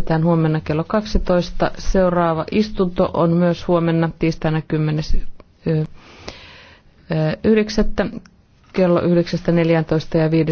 Pidetään huomenna kello 12. Seuraava istunto on myös huomenna tiistaina 10.9. kello 9.14 ja 5.